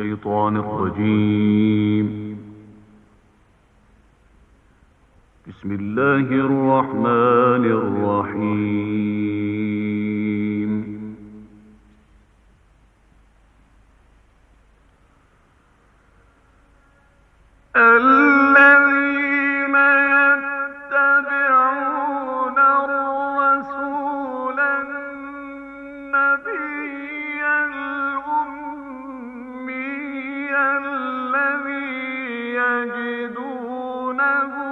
الشيطان الرجيم إنه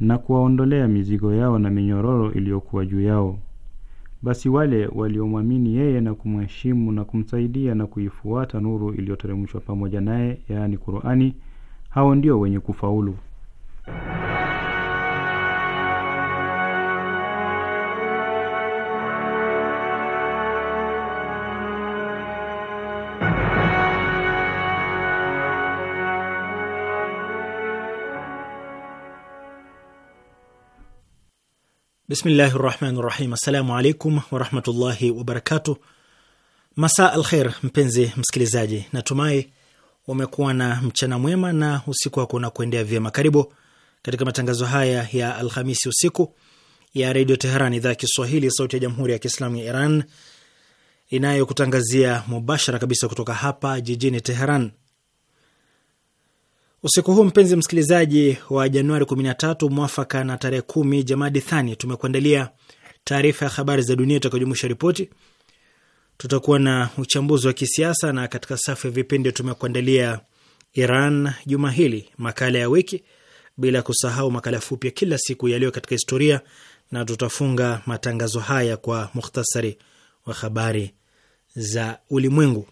na kuwaondolea mizigo yao na minyororo iliyokuwa juu yao. Basi wale waliomwamini yeye na kumheshimu na kumsaidia na kuifuata nuru iliyoteremshwa pamoja naye, yaani Qur'ani, hao ndio wenye kufaulu. Bismillahi rahmani rahim. Assalamu alaikum warahmatullahi wabarakatu masa al kher, mpenzi msikilizaji, natumai umekuwa na mchana mwema na usiku wako na kuendea vyema. Karibu katika matangazo haya ya Alhamisi usiku ya Redio Teheran, idhaa ya Kiswahili, sauti ya Jamhuri ya Kiislamu ya Iran inayokutangazia mubashara kabisa kutoka hapa jijini Teheran. Usiku huu mpenzi msikilizaji wa Januari 13 mwafaka na tarehe kumi Jamadi Thani, tumekuandalia taarifa ya habari za dunia itakayojumuisha ripoti. Tutakuwa na uchambuzi wa kisiasa, na katika safu ya vipindi tumekuandalia Iran juma hili, makala ya wiki, bila kusahau makala fupi ya kila siku yaliyo katika historia, na tutafunga matangazo haya kwa mukhtasari wa habari za ulimwengu.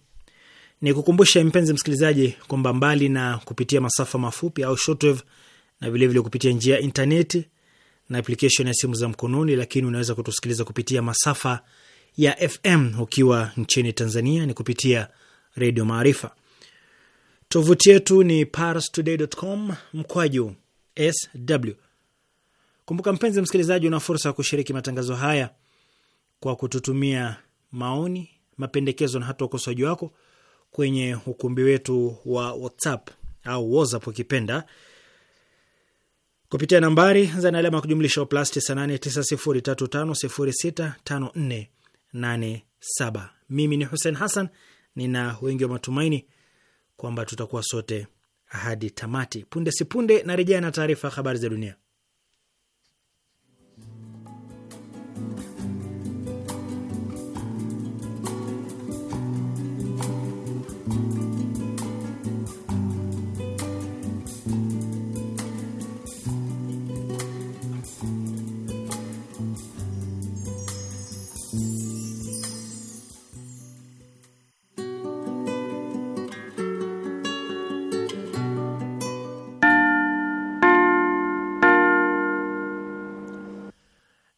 Ni kukumbushe mpenzi msikilizaji kwamba mbali na kupitia masafa mafupi au shortwave na vilevile vile kupitia njia ya intaneti na application ya simu za mkononi, lakini unaweza kutusikiliza kupitia masafa ya FM ukiwa nchini Tanzania ni kupitia Redio Maarifa. Tovuti yetu ni parstoday.com mkwaju sw. Kumbuka mpenzi msikilizaji, una fursa ya kushiriki matangazo haya kwa kututumia maoni, mapendekezo na hata ukosoaji wako kwenye ukumbi wetu wa WhatsApp au WhatsApp ukipenda kupitia nambari za na alama ya kujumlisha plus 989035065487. Mimi ni Hussein Hassan, nina wengi wa matumaini kwamba tutakuwa sote hadi tamati. Punde punde narejea na taarifa ya habari za dunia.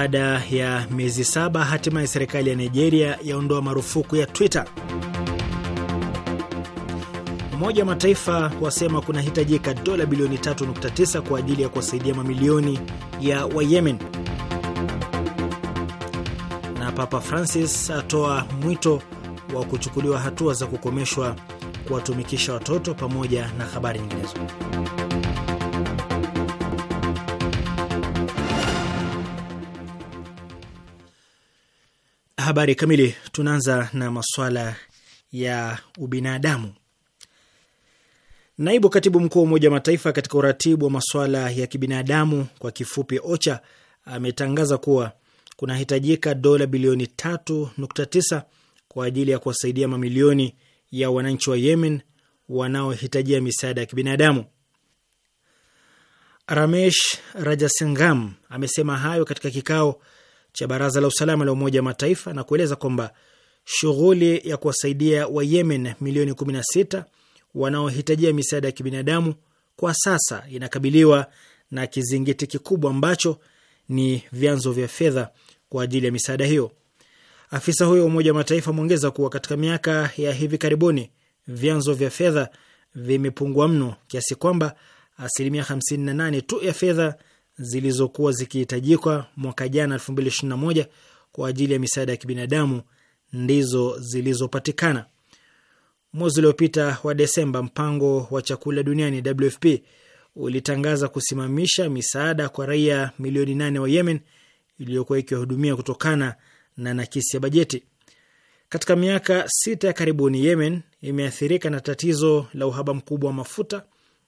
Baada ya miezi saba, hatimaye serikali ya Nigeria yaondoa marufuku ya Twitter. Umoja wa Mataifa wasema kunahitajika dola bilioni 3.9 kwa ajili ya kuwasaidia mamilioni ya Wayemen, na Papa Francis atoa mwito wa kuchukuliwa hatua za kukomeshwa kuwatumikisha watoto, pamoja na habari nyinginezo. habari kamili, tunaanza na masuala ya ubinadamu. Naibu katibu mkuu wa Umoja wa Mataifa katika uratibu wa masuala ya kibinadamu kwa kifupi OCHA ametangaza kuwa kunahitajika dola bilioni 3.9 kwa ajili ya kuwasaidia mamilioni ya wananchi wa Yemen wanaohitajia misaada ya kibinadamu. Ramesh Rajasingam amesema hayo katika kikao cha Baraza la Usalama la Umoja wa Mataifa na kueleza kwamba shughuli ya kuwasaidia Wayemen milioni 16 wanaohitajia misaada ya kibinadamu kwa sasa inakabiliwa na kizingiti kikubwa ambacho ni vyanzo vya fedha kwa ajili ya misaada hiyo. Afisa huyo wa Umoja wa Mataifa ameongeza kuwa katika miaka ya hivi karibuni vyanzo vya fedha vimepungua mno kiasi kwamba asilimia 58 tu ya fedha zilizokuwa zikihitajika mwaka jana 2021 kwa ajili ya misaada ya kibinadamu ndizo zilizopatikana. Mwezi uliopita wa Desemba, mpango wa chakula duniani WFP ulitangaza kusimamisha misaada kwa raia milioni nane wa Yemen iliyokuwa ikiwahudumia kutokana na nakisi ya bajeti. Katika miaka sita ya karibuni, Yemen imeathirika na tatizo la uhaba mkubwa wa mafuta,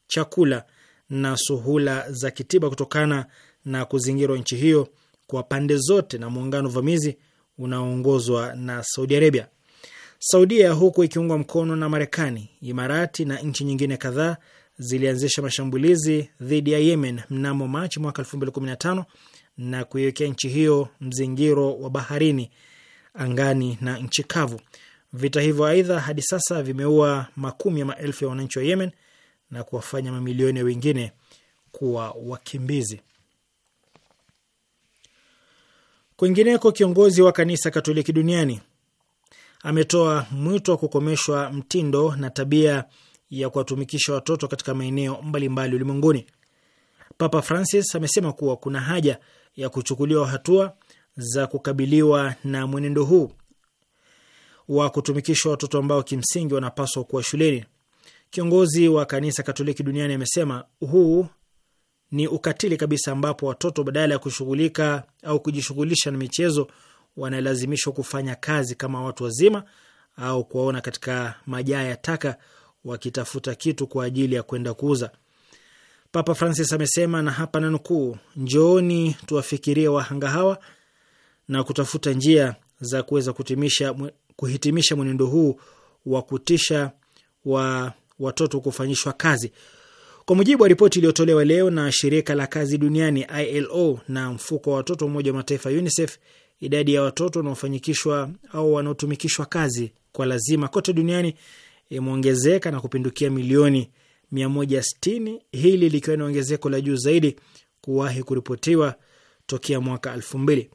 chakula na suhula za kitiba kutokana na kuzingirwa nchi hiyo kwa pande zote na muungano vamizi unaoongozwa na Saudi Arabia. Saudia, huku ikiungwa mkono na Marekani, Imarati na nchi nyingine kadhaa, zilianzisha mashambulizi dhidi ya Yemen mnamo Machi mwaka 2015 na kuiwekea nchi hiyo mzingiro wa baharini, angani na nchi kavu. Vita hivyo aidha, hadi sasa vimeua makumi ya maelfu ya wananchi wa Yemen na kuwafanya mamilioni ya wengine kuwa wakimbizi. Kwingineko, kiongozi wa kanisa Katoliki duniani ametoa mwito wa kukomeshwa mtindo na tabia ya kuwatumikisha watoto katika maeneo mbalimbali ulimwenguni. Papa Francis amesema kuwa kuna haja ya kuchukuliwa hatua za kukabiliwa na mwenendo huu wa kutumikisha watoto ambao kimsingi wanapaswa kuwa shuleni. Kiongozi wa kanisa Katoliki duniani amesema huu ni ukatili kabisa, ambapo watoto badala ya kushughulika au kujishughulisha na michezo wanalazimishwa kufanya kazi kama watu wazima au kuwaona katika majaa ya taka wakitafuta kitu kwa ajili ya kwenda kuuza. Papa Francis amesema, na hapa nanukuu, njooni tuwafikirie wahanga hawa na kutafuta njia za kuweza kuhitimisha mwenendo huu wa kutisha wa watoto kufanyishwa kazi. Kwa mujibu wa ripoti iliyotolewa leo na shirika la kazi duniani ILO na mfuko wa watoto Umoja wa Mataifa UNICEF, idadi ya watoto wanaofanyikishwa au wanaotumikishwa kazi kwa lazima kote duniani imeongezeka na kupindukia milioni 160, hili likiwa ni ongezeko la juu zaidi kuwahi kuripotiwa tokea mwaka 2000.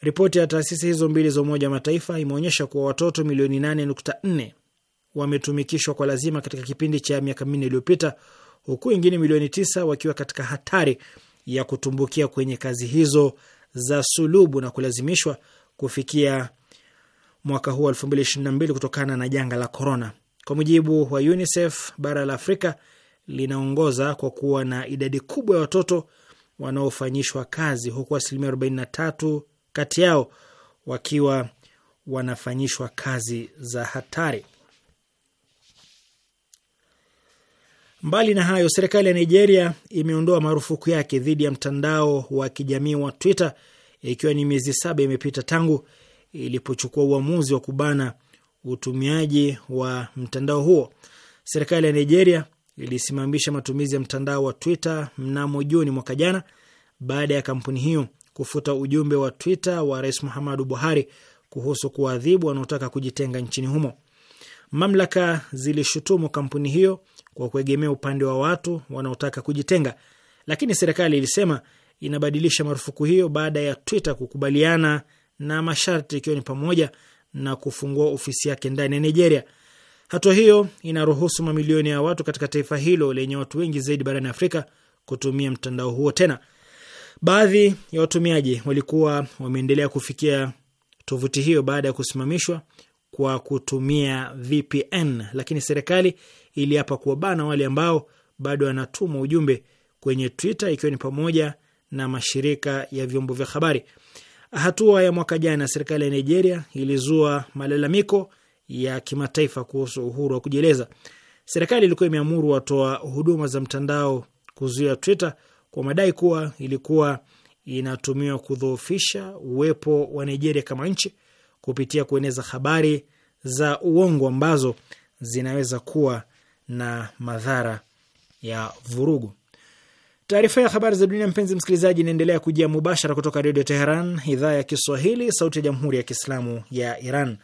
Ripoti ya taasisi hizo mbili za Umoja wa Mataifa imeonyesha kuwa watoto milioni 8.4 wametumikishwa kwa lazima katika kipindi cha miaka minne iliyopita, huku wengine milioni tisa wakiwa katika hatari ya kutumbukia kwenye kazi hizo za sulubu na kulazimishwa kufikia mwaka huu mbili kutokana na janga la korona. Kwa mujibu wa UNICEF, bara la Afrika linaongoza kwa kuwa na idadi kubwa ya watoto wanaofanyishwa kazi huku asilimia tatu kati yao wakiwa wanafanyishwa kazi za hatari. Mbali na hayo, serikali ya Nigeria imeondoa marufuku yake dhidi ya mtandao wa kijamii wa Twitter ikiwa ni miezi saba imepita tangu ilipochukua uamuzi wa kubana utumiaji wa mtandao huo. Serikali ya Nigeria ilisimamisha matumizi ya mtandao wa Twitter mnamo Juni mwaka jana baada ya kampuni hiyo kufuta ujumbe wa Twitter wa Rais Muhammadu Buhari kuhusu kuwaadhibu wanaotaka kujitenga nchini humo. Mamlaka zilishutumu kampuni hiyo kwa kuegemea upande wa watu wanaotaka kujitenga, lakini serikali ilisema inabadilisha marufuku hiyo baada ya Twitter kukubaliana na masharti, ikiwa ni pamoja na kufungua ofisi yake ndani ya Nigeria. Hatua hiyo inaruhusu mamilioni ya watu katika taifa hilo lenye watu wengi zaidi barani Afrika kutumia mtandao huo tena. Baadhi ya watumiaji walikuwa wameendelea kufikia tovuti hiyo baada ya kusimamishwa kwa kutumia VPN, lakini serikali iliapa kuwabana wale ambao bado wanatuma ujumbe kwenye Twitter ikiwa ni pamoja na mashirika ya vyombo vya habari. Hatua ya mwaka jana, serikali ya Nigeria ilizua malalamiko ya kimataifa kuhusu uhuru wa kujieleza. Serikali ilikuwa imeamuru watoa huduma za mtandao kuzuia Twitter kwa madai kuwa ilikuwa inatumiwa kudhoofisha uwepo wa Nigeria kama nchi kupitia kueneza habari za uongo ambazo zinaweza kuwa na madhara ya vurugu. Taarifa ya habari za dunia, mpenzi msikilizaji, inaendelea kujia mubashara kutoka Redio Teheran, idhaa ya Kiswahili, sauti ya jamhuri ya kiislamu ya Iran.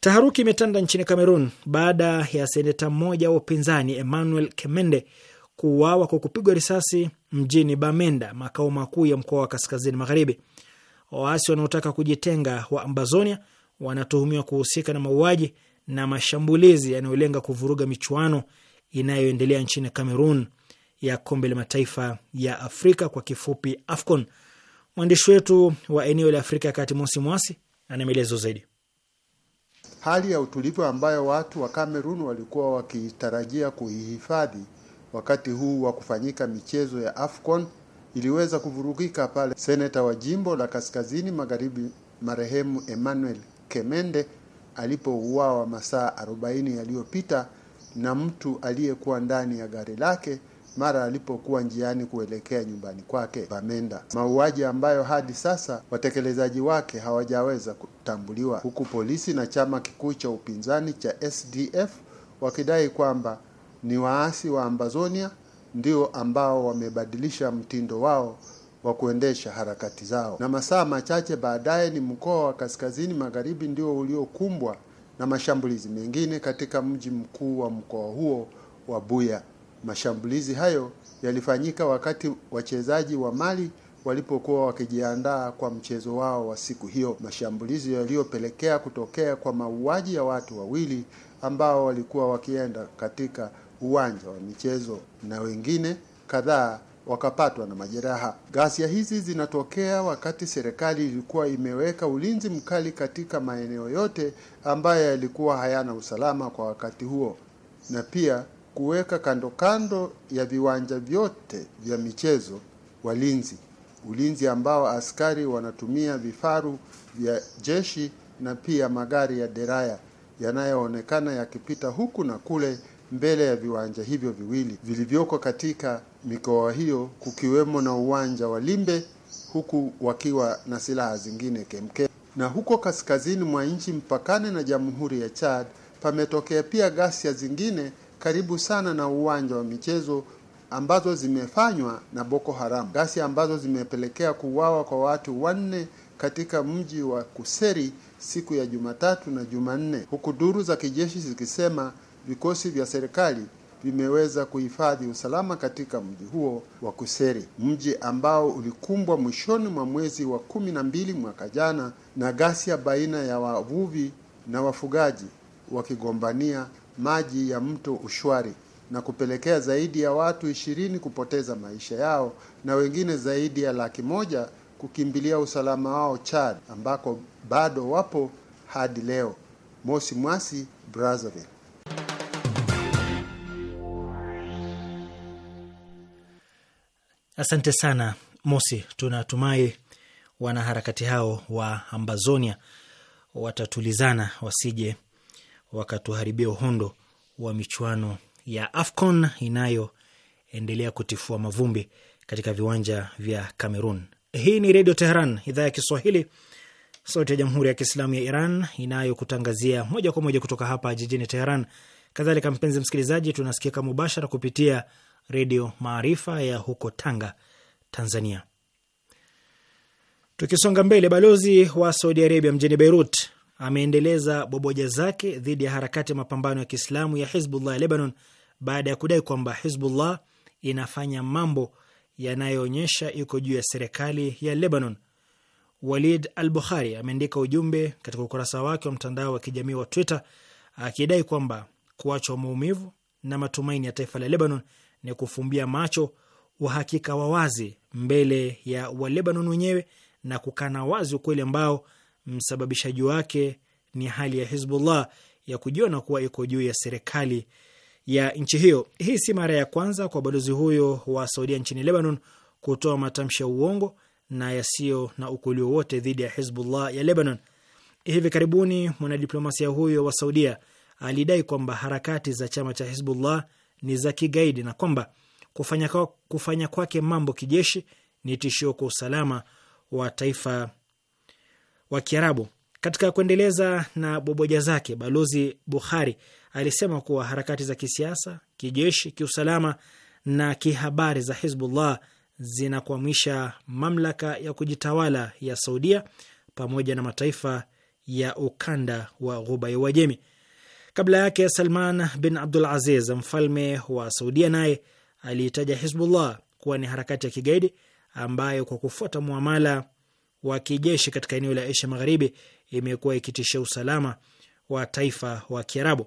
Taharuki imetanda nchini Kamerun baada ya seneta mmoja wa upinzani Emmanuel Kemende kuuawa kwa kupigwa risasi mjini Bamenda, makao makuu ya mkoa wa kaskazini magharibi. Waasi wanaotaka kujitenga wa Ambazonia wanatuhumiwa kuhusika na mauaji na mashambulizi yanayolenga kuvuruga michuano inayoendelea nchini Cameroon ya kombe la mataifa ya Afrika kwa kifupi AFCON. Mwandishi wetu wa eneo la Afrika ya Kati, Mosi Mwasi, ana maelezo zaidi. Hali ya utulivu ambayo watu wa Cameroon walikuwa wakitarajia kuihifadhi wakati huu wa kufanyika michezo ya AFCON iliweza kuvurugika pale seneta wa jimbo la kaskazini magharibi marehemu Emmanuel Kemende alipouawa masaa arobaini yaliyopita na mtu aliyekuwa ndani ya gari lake mara alipokuwa njiani kuelekea nyumbani kwake Bamenda, mauaji ambayo hadi sasa watekelezaji wake hawajaweza kutambuliwa, huku polisi na chama kikuu cha upinzani cha SDF wakidai kwamba ni waasi wa Ambazonia ndio ambao wamebadilisha mtindo wao wa kuendesha harakati zao, na masaa machache baadaye ni mkoa wa kaskazini magharibi ndio uliokumbwa na mashambulizi mengine katika mji mkuu wa mkoa huo wa Buya. Mashambulizi hayo yalifanyika wakati wachezaji wa Mali walipokuwa wakijiandaa kwa mchezo wao wa siku hiyo, mashambulizi yaliyopelekea kutokea kwa mauaji ya watu wawili ambao walikuwa wakienda katika uwanja wa michezo na wengine kadhaa wakapatwa na majeraha. Ghasia hizi zinatokea wakati serikali ilikuwa imeweka ulinzi mkali katika maeneo yote ambayo yalikuwa hayana usalama kwa wakati huo, na pia kuweka kando kando ya viwanja vyote vya michezo walinzi, ulinzi ambao askari wanatumia vifaru vya jeshi na pia magari ya deraya yanayoonekana yakipita huku na kule mbele ya viwanja hivyo viwili vilivyoko katika mikoa hiyo, kukiwemo na uwanja wa Limbe, huku wakiwa na silaha zingine kemkem. Na huko kaskazini mwa nchi mpakane na Jamhuri ya Chad pametokea pia ghasia zingine karibu sana na uwanja wa michezo ambazo zimefanywa na Boko Haram, ghasia ambazo zimepelekea kuuawa kwa watu wanne katika mji wa Kuseri siku ya Jumatatu na Jumanne, huku duru za kijeshi zikisema vikosi vya serikali vimeweza kuhifadhi usalama katika mji huo wa Kuseri, mji ambao ulikumbwa mwishoni mwa mwezi wa kumi na mbili mwaka jana na ghasia baina ya wavuvi na wafugaji wakigombania maji ya mto Ushwari na kupelekea zaidi ya watu ishirini kupoteza maisha yao na wengine zaidi ya laki moja kukimbilia usalama wao Chad, ambako bado wapo hadi leo. Mosi Mwasi, Brazzaville. Asante sana Mosi, tunatumai wanaharakati hao wa Ambazonia watatulizana wasije wakatuharibia uhondo wa michuano ya AFCON inayoendelea kutifua mavumbi katika viwanja vya Cameroon. Hii ni Redio Teheran, idhaa ya Kiswahili, sauti ya Jamhuri ya Kiislamu ya Iran inayokutangazia moja kwa moja kutoka hapa jijini Teheran. Kadhalika mpenzi msikilizaji, tunasikika mubashara kupitia Redio Maarifa ya huko Tanga, Tanzania. Tukisonga mbele, balozi wa Saudi Arabia mjini Beirut ameendeleza boboja zake dhidi ya harakati ya mapambano ya Kiislamu ya Hizbullah ya Lebanon baada ya kudai kwamba Hizbullah inafanya mambo yanayoonyesha iko juu ya serikali ya Lebanon. Walid Al Bukhari ameandika ujumbe katika ukurasa wake wa mtandao wa kijamii wa Twitter akidai kwamba kuachwa maumivu na matumaini ya taifa la Lebanon ni kufumbia macho uhakika wa wazi mbele ya Walebanon wenyewe na kukana wazi ukweli ambao msababishaji wake ni hali ya Hizbullah ya kujiona kuwa iko juu ya serikali ya nchi hiyo. Hii si mara ya kwanza kwa balozi huyo wa Saudia nchini Lebanon kutoa matamshi ya uongo na yasiyo na ukweli wowote dhidi ya Hizbullah ya Lebanon. Hivi karibuni mwanadiplomasia huyo wa Saudia alidai kwamba harakati za chama cha Hizbullah ni za kigaidi na kwamba kufanya kwake kufanya kwake mambo kijeshi ni tishio kwa usalama wa taifa wa Kiarabu. Katika kuendeleza na boboja zake, Balozi Bukhari alisema kuwa harakati za kisiasa, kijeshi, kiusalama na kihabari za Hizbullah zinakwamisha mamlaka ya kujitawala ya Saudia pamoja na mataifa ya ukanda wa Ghuba ya Uajemi. Kabla yake Salman bin Abdul Aziz, mfalme wa Saudia, naye aliitaja Hizbullah kuwa ni harakati ya kigaidi ambayo kwa kufuata muamala wa kijeshi katika eneo la Asia Magharibi imekuwa ikitishia usalama wa taifa wa Kiarabu.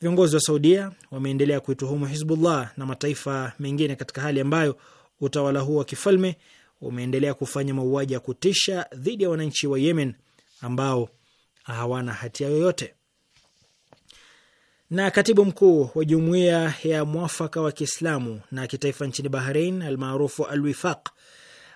Viongozi wa Saudia wameendelea kuituhumu Hizbullah na mataifa mengine katika hali ambayo utawala huo wa kifalme umeendelea kufanya mauaji ya kutisha dhidi ya wananchi wa Yemen ambao hawana hatia yoyote. Na katibu mkuu wa jumuiya ya mwafaka wa Kiislamu na kitaifa nchini Bahrain almaarufu Alwifaq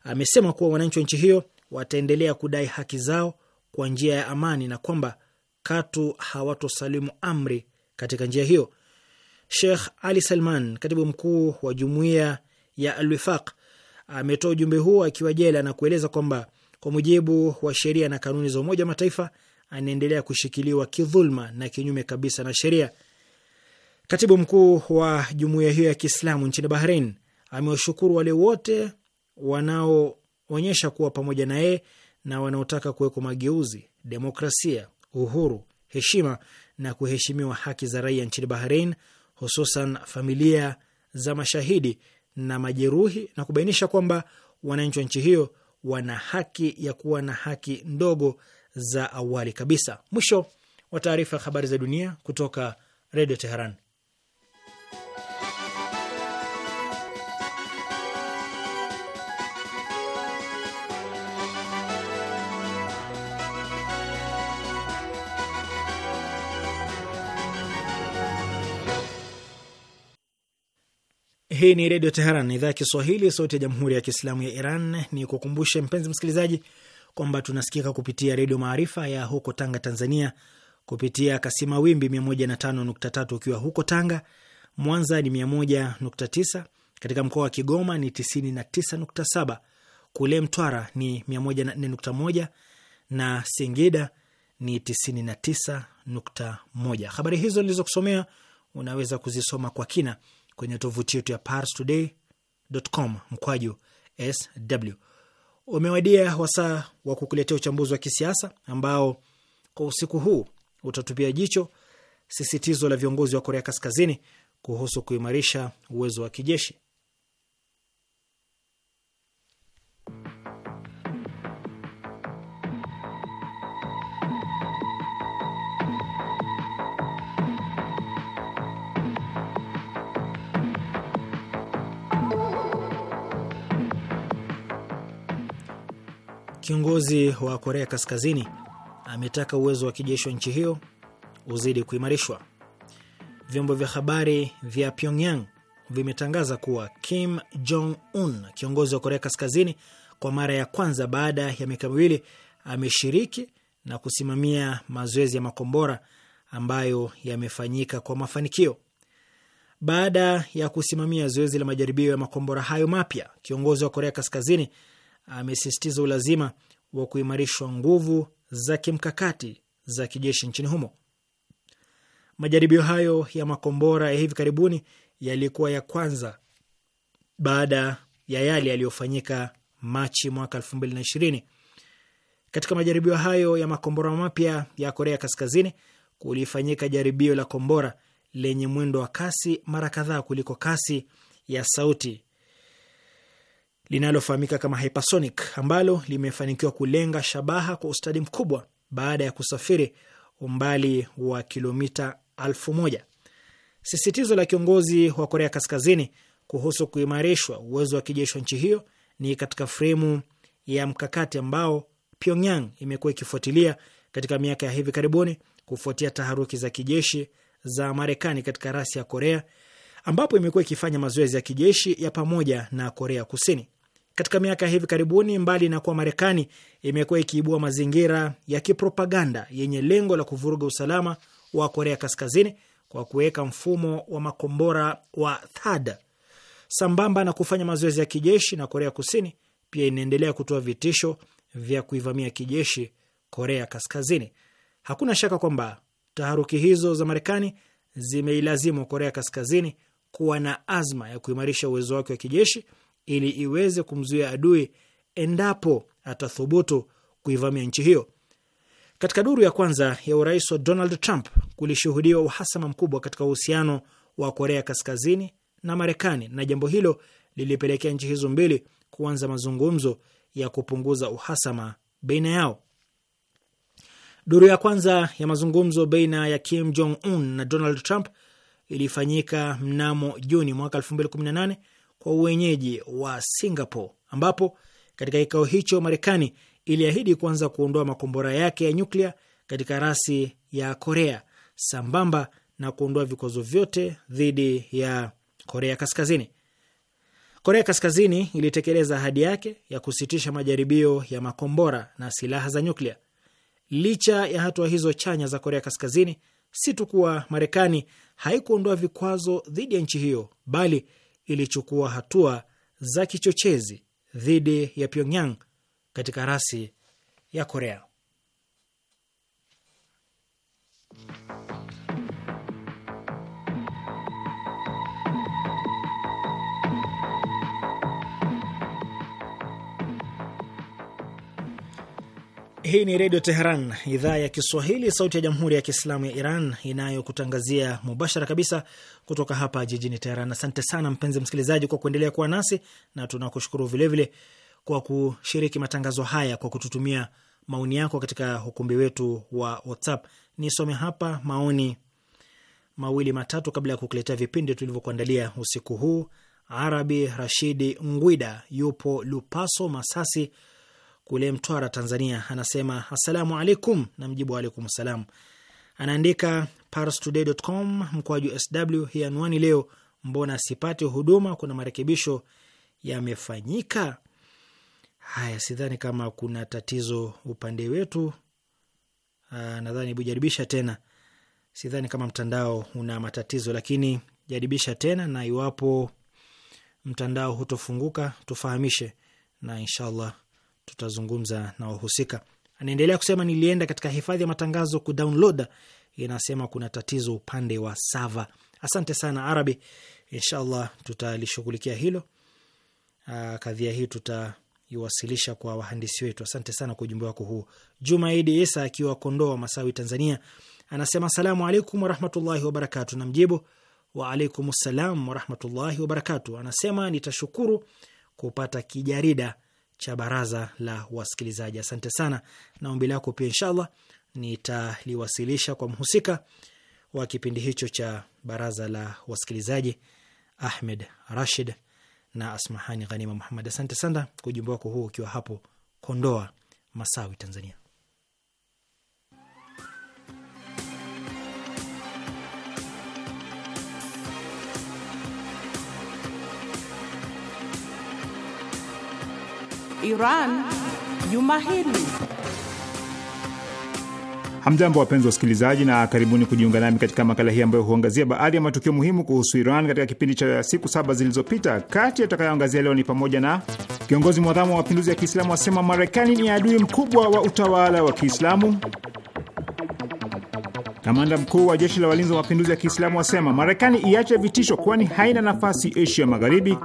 amesema kuwa wananchi wa nchi hiyo wataendelea kudai haki zao kwa njia ya amani na kwamba katu hawatosalimu amri katika njia hiyo. Sheikh Ali Salman, katibu mkuu wa jumuiya ya Alwifaq, ametoa ujumbe huo akiwa jela na kueleza kwamba kwa mujibu wa sheria na kanuni za Umoja wa Mataifa anaendelea kushikiliwa kidhulma na kinyume kabisa na sheria. Katibu mkuu wa jumuiya hiyo ya Kiislamu nchini Bahrain amewashukuru wale wote wanaoonyesha kuwa pamoja na yeye na wanaotaka kuwekwa mageuzi, demokrasia, uhuru, heshima na kuheshimiwa haki za raia nchini Bahrain, hususan familia za mashahidi na majeruhi, na kubainisha kwamba wananchi wa nchi hiyo wana haki ya kuwa na haki ndogo za awali kabisa. Mwisho wa taarifa ya habari za dunia kutoka Redio Teheran. Hii ni Redio Teheran, idhaa ya Kiswahili, sauti ya Jamhuri ya Kiislamu ya Iran. Ni kukumbushe mpenzi msikilizaji kwamba tunasikika kupitia Redio Maarifa ya huko Tanga, Tanzania, kupitia kasima wimbi 105.3 ukiwa huko Tanga. Mwanza ni 101.9, katika mkoa wa Kigoma ni 99.7, kule Mtwara ni 104.1 na Singida ni 99.1. Habari hizo nilizokusomea unaweza kuzisoma kwa kina kwenye tovuti yetu ya parstoday.com mkwaju sw. Umewadia wasaa wa kukuletea uchambuzi wa kisiasa ambao kwa usiku huu utatupia jicho sisitizo la viongozi wa Korea Kaskazini kuhusu kuimarisha uwezo wa kijeshi. Kiongozi wa Korea Kaskazini ametaka uwezo wa kijeshi wa nchi hiyo uzidi kuimarishwa. Vyombo vya habari vya Pyongyang vimetangaza kuwa Kim Jong Un, kiongozi wa Korea Kaskazini, kwa mara ya kwanza baada ya miaka miwili ameshiriki na kusimamia mazoezi ya makombora ambayo yamefanyika kwa mafanikio. Baada ya kusimamia zoezi la majaribio ya makombora hayo mapya, kiongozi wa Korea Kaskazini amesisitiza ulazima wa kuimarishwa nguvu za kimkakati za kijeshi nchini humo. Majaribio hayo ya makombora ya hivi karibuni yalikuwa ya kwanza baada ya yale yaliyofanyika Machi mwaka elfu ishirini. Katika majaribio hayo ya makombora mapya ya Korea Kaskazini kulifanyika jaribio la kombora lenye mwendo wa kasi mara kadhaa kuliko kasi ya sauti linalofahamika kama hypersonic ambalo limefanikiwa kulenga shabaha kwa ustadi mkubwa baada ya kusafiri umbali wa kilomita elfu moja. Sisitizo la kiongozi wa Korea Kaskazini kuhusu kuimarishwa uwezo wa kijeshi wa nchi hiyo ni katika fremu ya mkakati ambao Pyongyang imekuwa ikifuatilia katika miaka ya hivi karibuni kufuatia taharuki za kijeshi za Marekani katika rasi ya Korea ambapo imekuwa ikifanya mazoezi ya kijeshi ya pamoja na Korea Kusini. Katika miaka hivi karibuni, mbali na kuwa Marekani imekuwa ikiibua mazingira ya kipropaganda yenye lengo la kuvuruga usalama wa Korea Kaskazini kwa kuweka mfumo wa makombora wa THAD sambamba na kufanya mazoezi ya kijeshi na Korea Kusini, pia inaendelea kutoa vitisho vya kuivamia kijeshi Korea Kaskazini. Hakuna shaka kwamba taharuki hizo za Marekani zimeilazimu Korea Kaskazini kuwa na azma ya kuimarisha uwezo wake wa kijeshi ili iweze kumzuia adui endapo atathubutu kuivamia nchi hiyo. Katika duru ya kwanza ya urais wa Donald Trump kulishuhudiwa uhasama mkubwa katika uhusiano wa Korea Kaskazini na Marekani, na jambo hilo lilipelekea nchi hizo mbili kuanza mazungumzo ya kupunguza uhasama baina yao. Duru ya kwanza ya mazungumzo baina ya Kim Jong Un na Donald Trump ilifanyika mnamo Juni mwaka 2018 kwa uwenyeji wa Singapore, ambapo katika kikao hicho Marekani iliahidi kuanza kuondoa makombora yake ya nyuklia katika rasi ya Korea sambamba na kuondoa vikwazo vyote dhidi ya Korea Kaskazini. Korea Kaskazini ilitekeleza ahadi yake ya kusitisha majaribio ya makombora na silaha za nyuklia. Licha ya hatua hizo chanya za Korea Kaskazini, si tu kuwa Marekani haikuondoa vikwazo dhidi ya nchi hiyo, bali ilichukua hatua za kichochezi dhidi ya Pyongyang katika rasi ya Korea. Hii ni Redio Teheran, idhaa ya Kiswahili, sauti ya Jamhuri ya Kiislamu ya Iran, inayokutangazia mubashara kabisa kutoka hapa jijini Teheran. Asante sana mpenzi msikilizaji kwa kuendelea kuwa nasi na tunakushukuru vilevile kwa kushiriki matangazo haya kwa kututumia maoni yako katika ukumbi wetu wa WhatsApp. Nisome hapa maoni mawili matatu kabla ya kukuletea vipindi tulivyokuandalia usiku huu. Arabi Rashidi Ngwida yupo Lupaso, Masasi kule Mtwara, Tanzania, anasema assalamu alaikum, na mjibu alaikum salam. Anaandika parstoday.com mkoaju sw, hii anwani leo, mbona sipati huduma? Kuna marekebisho yamefanyika? Haya, sidhani kama kuna tatizo upande wetu. Ah, nadhani bujaribisha tena, sidhani kama mtandao una matatizo, lakini jaribisha tena, na iwapo mtandao hutofunguka tufahamishe, na inshallah tutazungumza na wahusika. Anaendelea kusema, nilienda katika hifadhi ya matangazo kudownload, inasema kuna tatizo upande wa sava. Asante sana Arabi, inshallah tutalishughulikia hilo. Ah, kadhia hii tutaiwasilisha kwa wahandisi wetu. Asante sana kwa ujumbe wako huu. Jumaidi Isa akiwa Kondoa Masawi, Tanzania, anasema asalamu alaikum warahmatullahi wabarakatu. Namjibu waalaikum salam warahmatullahi wabarakatu. Anasema nitashukuru kupata kijarida cha baraza la wasikilizaji. Asante sana, na ombi lako pia inshallah nitaliwasilisha kwa mhusika wa kipindi hicho cha baraza la wasikilizaji Ahmed Rashid na Asmahani Ghanima Muhammad. Asante sana kwa ujumbe wako huo, ukiwa hapo Kondoa Masawi, Tanzania. Iran juma hili. Hamjambo, wapenzi wasikilizaji, na karibuni kujiunga nami katika makala hii ambayo huangazia baadhi ya matukio muhimu kuhusu Iran katika kipindi cha siku saba zilizopita. Kati yatakayoangazia leo ni pamoja na kiongozi mwadhamu wa mapinduzi ya Kiislamu asema Marekani ni adui mkubwa wa utawala wa Kiislamu, kamanda mkuu wa jeshi la walinzi wa mapinduzi ya Kiislamu asema Marekani iache vitisho, kwani haina nafasi Asia Magharibi,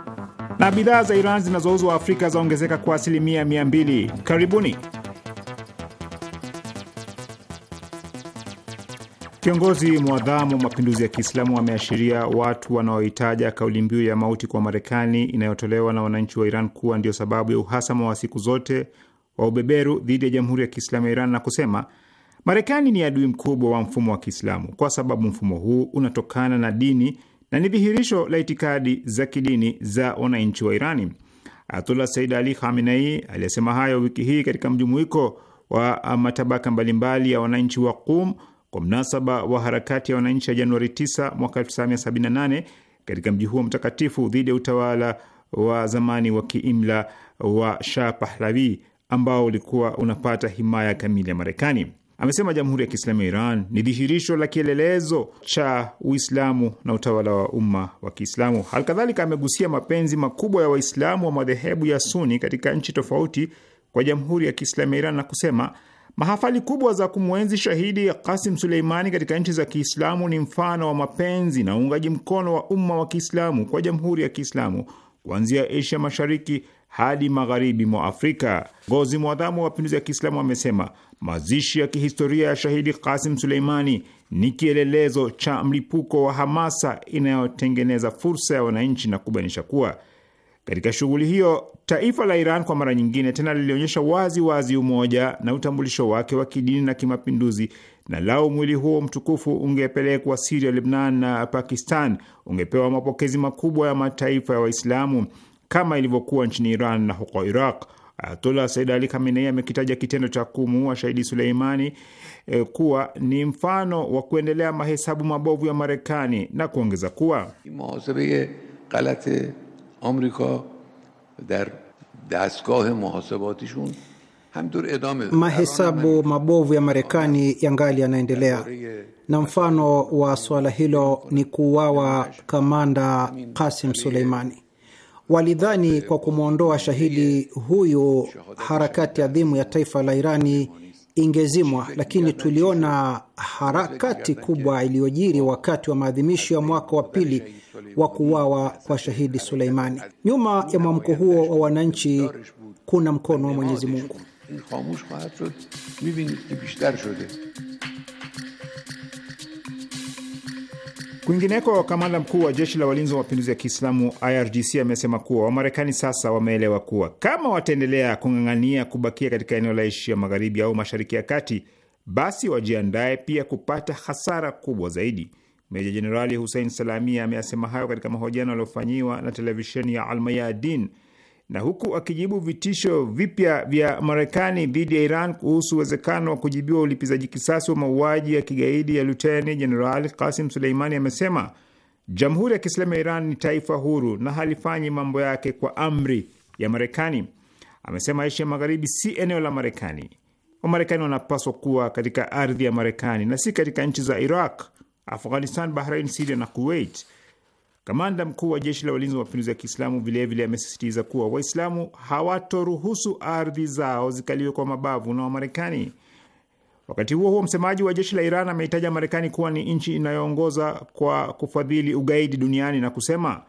na bidhaa za Iran zinazouzwa Afrika zaongezeka kwa asilimia 20 Karibuni. Kiongozi mwadhamu wa mapinduzi ya Kiislamu ameashiria watu wanaohitaja kauli mbiu ya mauti kwa Marekani inayotolewa na wananchi wa Iran kuwa ndio sababu ya uhasama wa siku zote wa ubeberu dhidi ya Jamhuri ya Kiislamu ya Iran na kusema Marekani ni adui mkubwa wa mfumo wa Kiislamu kwa sababu mfumo huu unatokana na dini na ni dhihirisho la itikadi za kidini za wananchi wa Irani. Ayatullah Said Ali Khamenei aliyesema hayo wiki hii katika mjumuiko wa matabaka mbalimbali ya wananchi wa Qum kwa mnasaba wa harakati ya wananchi ya Januari 9 mwaka 1978 katika mji huo mtakatifu dhidi ya utawala wa zamani wa kiimla wa Shah Pahlavi ambao ulikuwa unapata himaya kamili ya Marekani. Amesema Jamhuri ya Kiislamu ya Iran ni dhihirisho la kielelezo cha Uislamu na utawala wa umma wa Kiislamu. Halikadhalika amegusia mapenzi makubwa ya Waislamu wa madhehebu ya Suni katika nchi tofauti kwa Jamhuri ya Kiislamu ya Iran na kusema mahafali kubwa za kumwenzi shahidi Kasim Suleimani katika nchi za Kiislamu ni mfano wa mapenzi na uungaji mkono wa umma wa Kiislamu kwa Jamhuri ya Kiislamu kuanzia Asia Mashariki hadi magharibi mwa Afrika. Ngozi mwadhamu wa mapinduzi ya Kiislamu amesema Mazishi ya kihistoria ya shahidi Kasim Suleimani ni kielelezo cha mlipuko wa hamasa inayotengeneza fursa ya wananchi na kubainisha kuwa katika shughuli hiyo taifa la Iran kwa mara nyingine tena lilionyesha wazi wazi umoja na utambulisho wake wa kidini na kimapinduzi. Na lau mwili huo mtukufu ungepelekwa Siria, Lebnan na Pakistan, ungepewa mapokezi makubwa ya mataifa ya Waislamu kama ilivyokuwa nchini Iran na huko Iraq. Ayatollah Said Ali Khamenei amekitaja kitendo cha kumuua shahidi Suleimani e, kuwa ni mfano wa kuendelea mahesabu mabovu ya Marekani na kuongeza kuwa mahesabu mabovu ya Marekani yangali yanaendelea, na mfano wa suala hilo ni kuuawa kamanda Kasim Suleimani. Walidhani kwa kumwondoa shahidi huyu harakati adhimu ya taifa la Irani ingezimwa, lakini tuliona harakati kubwa iliyojiri wakati wa maadhimisho ya mwaka wa pili wa kuuawa kwa shahidi Suleimani. Nyuma ya mwamko huo wa wananchi kuna mkono wa Mwenyezi Mungu. Kwingineko, kamanda mkuu wa jeshi la walinzi wa mapinduzi ya Kiislamu IRGC amesema kuwa Wamarekani sasa wameelewa kuwa kama wataendelea kung'ang'ania kubakia katika eneo la Asia Magharibi au Mashariki ya Kati, basi wajiandae pia kupata hasara kubwa zaidi. Meja Jenerali Hussein Salami ameyasema hayo katika mahojiano aliyofanyiwa na televisheni ya Almayadin na huku akijibu vitisho vipya vya Marekani dhidi ya Iran kuhusu uwezekano wa kujibiwa ulipizaji kisasi wa mauaji ya kigaidi ya luteni jenerali Kasim Suleimani amesema Jamhuri ya Kiislamu ya Iran ni taifa huru na halifanyi mambo yake kwa amri ya Marekani. Amesema Asia ya Magharibi si eneo la Marekani. Wamarekani wanapaswa kuwa katika ardhi ya Marekani na si katika nchi za Iraq, Afghanistan, Bahrain, Siria na Kuwait. Kamanda mkuu wa jeshi la walinzi wa mapinduzi ya Kiislamu vilevile amesisitiza kuwa Waislamu hawatoruhusu ardhi zao zikaliwe kwa mabavu na Wamarekani. Wakati huo huo, msemaji wa jeshi la Iran ameitaja Marekani kuwa ni nchi inayoongoza kwa kufadhili ugaidi duniani na kusema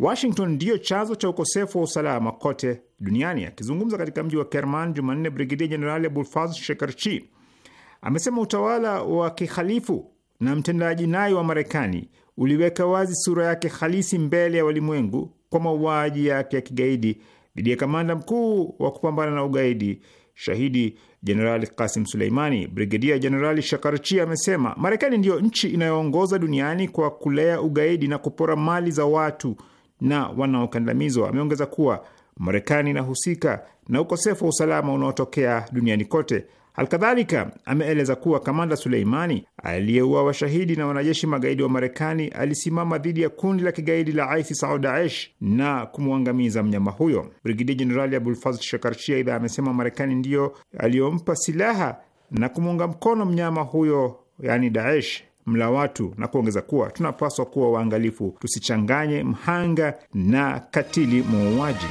Washington ndiyo chanzo cha ukosefu wa usalama kote duniani. Akizungumza katika mji wa Kerman Jumanne, Brigedia Jenerali Abulfaz Shekarchi amesema utawala wa kihalifu na mtendaji naye wa Marekani uliweka wazi sura yake halisi mbele ya walimwengu kwa mauaji yake ya kigaidi dhidi ya kamanda mkuu wa kupambana na ugaidi shahidi Jenerali Kasim Suleimani. Brigedia Jenerali Shakarchi amesema Marekani ndiyo nchi inayoongoza duniani kwa kulea ugaidi na kupora mali za watu na wanaokandamizwa. Ameongeza kuwa Marekani inahusika na ukosefu wa usalama unaotokea duniani kote. Alkadhalika ameeleza kuwa kamanda Suleimani aliyeua washahidi na wanajeshi magaidi wa Marekani alisimama dhidi ya kundi la kigaidi la ISIS au Daesh na kumwangamiza mnyama huyo. Brigedia Jenerali Abulfazl Shakarshia idha amesema Marekani ndiyo aliyompa silaha na kumuunga mkono mnyama huyo, yani Daesh mla watu, na kuongeza kuwa tunapaswa kuwa waangalifu tusichanganye mhanga na katili muuaji.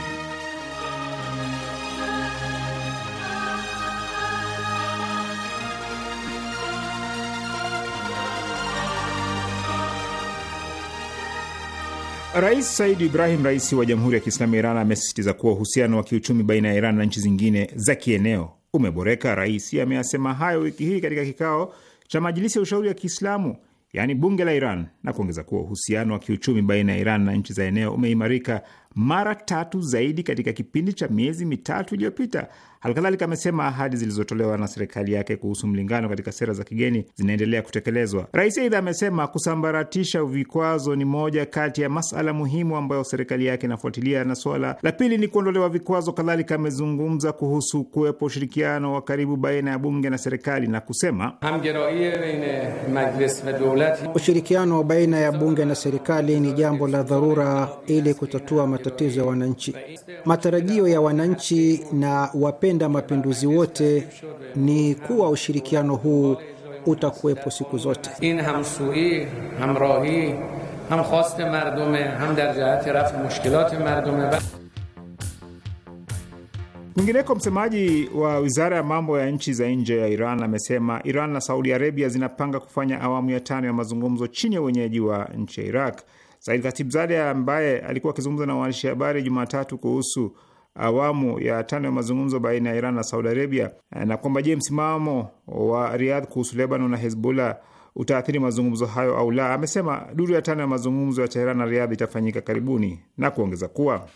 Rais Said Ibrahim Raisi wa Jamhuri ya Kiislamu ya Iran amesisitiza kuwa uhusiano wa kiuchumi baina ya Iran na nchi zingine za kieneo umeboreka. Raisi ameyasema hayo wiki hii katika kikao cha Majilisi ya Ushauri ya Kiislamu, yaani bunge la Iran, na kuongeza kuwa uhusiano wa kiuchumi baina ya Iran na nchi za eneo umeimarika mara tatu zaidi katika kipindi cha miezi mitatu iliyopita. Halikadhalika amesema ahadi zilizotolewa na serikali yake kuhusu mlingano katika sera za kigeni zinaendelea kutekelezwa. Rais aidha amesema kusambaratisha vikwazo ni moja kati ya masala muhimu ambayo serikali yake inafuatilia, na suala la pili ni kuondolewa vikwazo. Kadhalika amezungumza kuhusu kuwepo ushirikiano wa karibu baina ya bunge na serikali na kusema ushirikiano wa baina ya bunge na serikali ni jambo la dharura ili kutatua matatizo ya wananchi. Matarajio ya wananchi na wapen wapenda mapinduzi wote ni kuwa ushirikiano huu utakuwepo siku zote. Mwingineko, msemaji wa wizara ya mambo ya nchi za nje ya Iran amesema Iran na Saudi Arabia zinapanga kufanya awamu ya tano ya mazungumzo chini ya wenyeji wa nchi ya Iraq. Said Khatibzadeh ambaye alikuwa akizungumza na waandishi habari Jumatatu kuhusu awamu ya tano ya mazungumzo baina ya Iran na Saudi Arabia, eh, na kwamba je, msimamo wa Riyadh kuhusu Lebanon na Hezbollah utaathiri mazungumzo hayo au la. Amesema duru ya tano ya mazungumzo ya Teheran na Riadhi itafanyika karibuni na kuongeza kuwa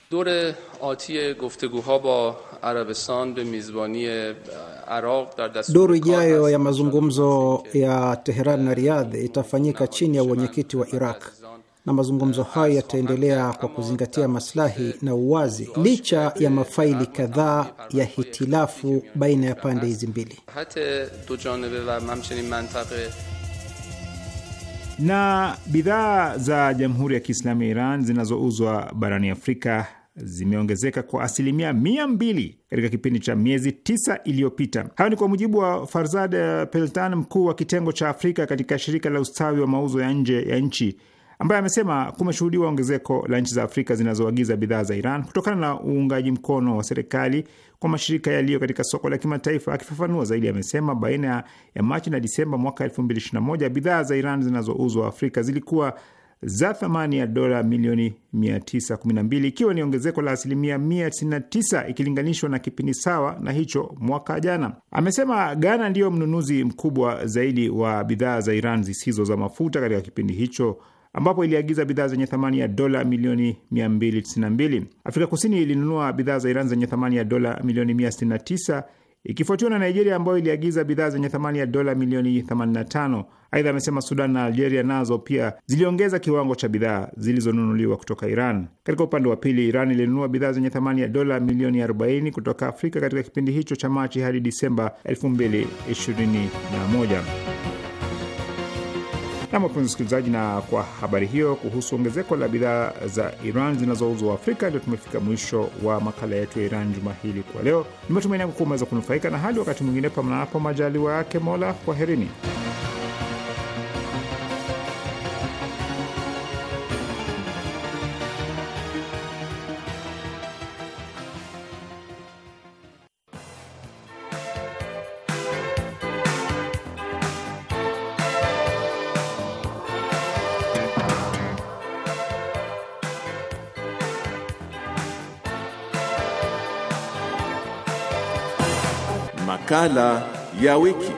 duru ijayo ya mazungumzo ya Teheran na Riadhi itafanyika chini ya uwenyekiti wa Iraq na mazungumzo hayo yataendelea kwa kuzingatia maslahi na uwazi, licha ya mafaili kadhaa ya hitilafu baina ya pande hizi mbili. Na bidhaa za Jamhuri ya Kiislamu ya Iran zinazouzwa barani Afrika zimeongezeka kwa asilimia mia mbili katika kipindi cha miezi tisa iliyopita. Hayo ni kwa mujibu wa Farzad Peltan, mkuu wa kitengo cha Afrika katika shirika la ustawi wa mauzo ya nje ya nchi ambaye amesema kumeshuhudiwa ongezeko la nchi za Afrika zinazoagiza bidhaa za Iran kutokana na uungaji mkono wa serikali kwa mashirika yaliyo katika soko la kimataifa. Akifafanua zaidi, amesema baina ya Machi na Disemba mwaka 2021 bidhaa za Iran zinazouzwa Afrika zilikuwa za thamani ya dola milioni 912 ikiwa ni ongezeko la asilimia 199 ikilinganishwa na kipindi sawa na hicho mwaka jana. Amesema Ghana ndiyo mnunuzi mkubwa zaidi wa bidhaa za Iran zisizo za mafuta katika kipindi hicho ambapo iliagiza bidhaa zenye thamani ya dola milioni 292. Afrika Kusini ilinunua bidhaa za Iran zenye thamani ya dola milioni 169 ikifuatiwa na Nigeria ambayo iliagiza bidhaa zenye thamani ya dola milioni 85. Aidha, amesema Sudan na Algeria nazo pia ziliongeza kiwango cha bidhaa zilizonunuliwa kutoka Iran. Katika upande wa pili, Iran ilinunua bidhaa zenye thamani ya dola milioni 40 kutoka Afrika katika kipindi hicho cha Machi hadi Disemba 2021 na mapenzi msikilizaji, na kwa habari hiyo kuhusu ongezeko la bidhaa za Iran zinazouzwa Afrika, ndio tumefika mwisho wa makala yetu ya Iran juma hili kwa leo. Ni matumaini yangu kuwa umeweza kunufaika na hali. Wakati mwingine, pamanapo majaliwa yake Mola, kwaherini. makala ya wiki.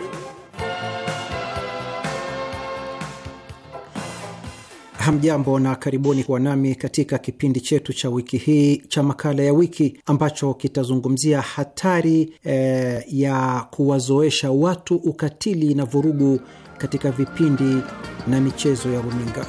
Hamjambo na karibuni kuwa nami katika kipindi chetu cha wiki hii cha makala ya wiki ambacho kitazungumzia hatari eh, ya kuwazoesha watu ukatili na vurugu katika vipindi na michezo ya runinga.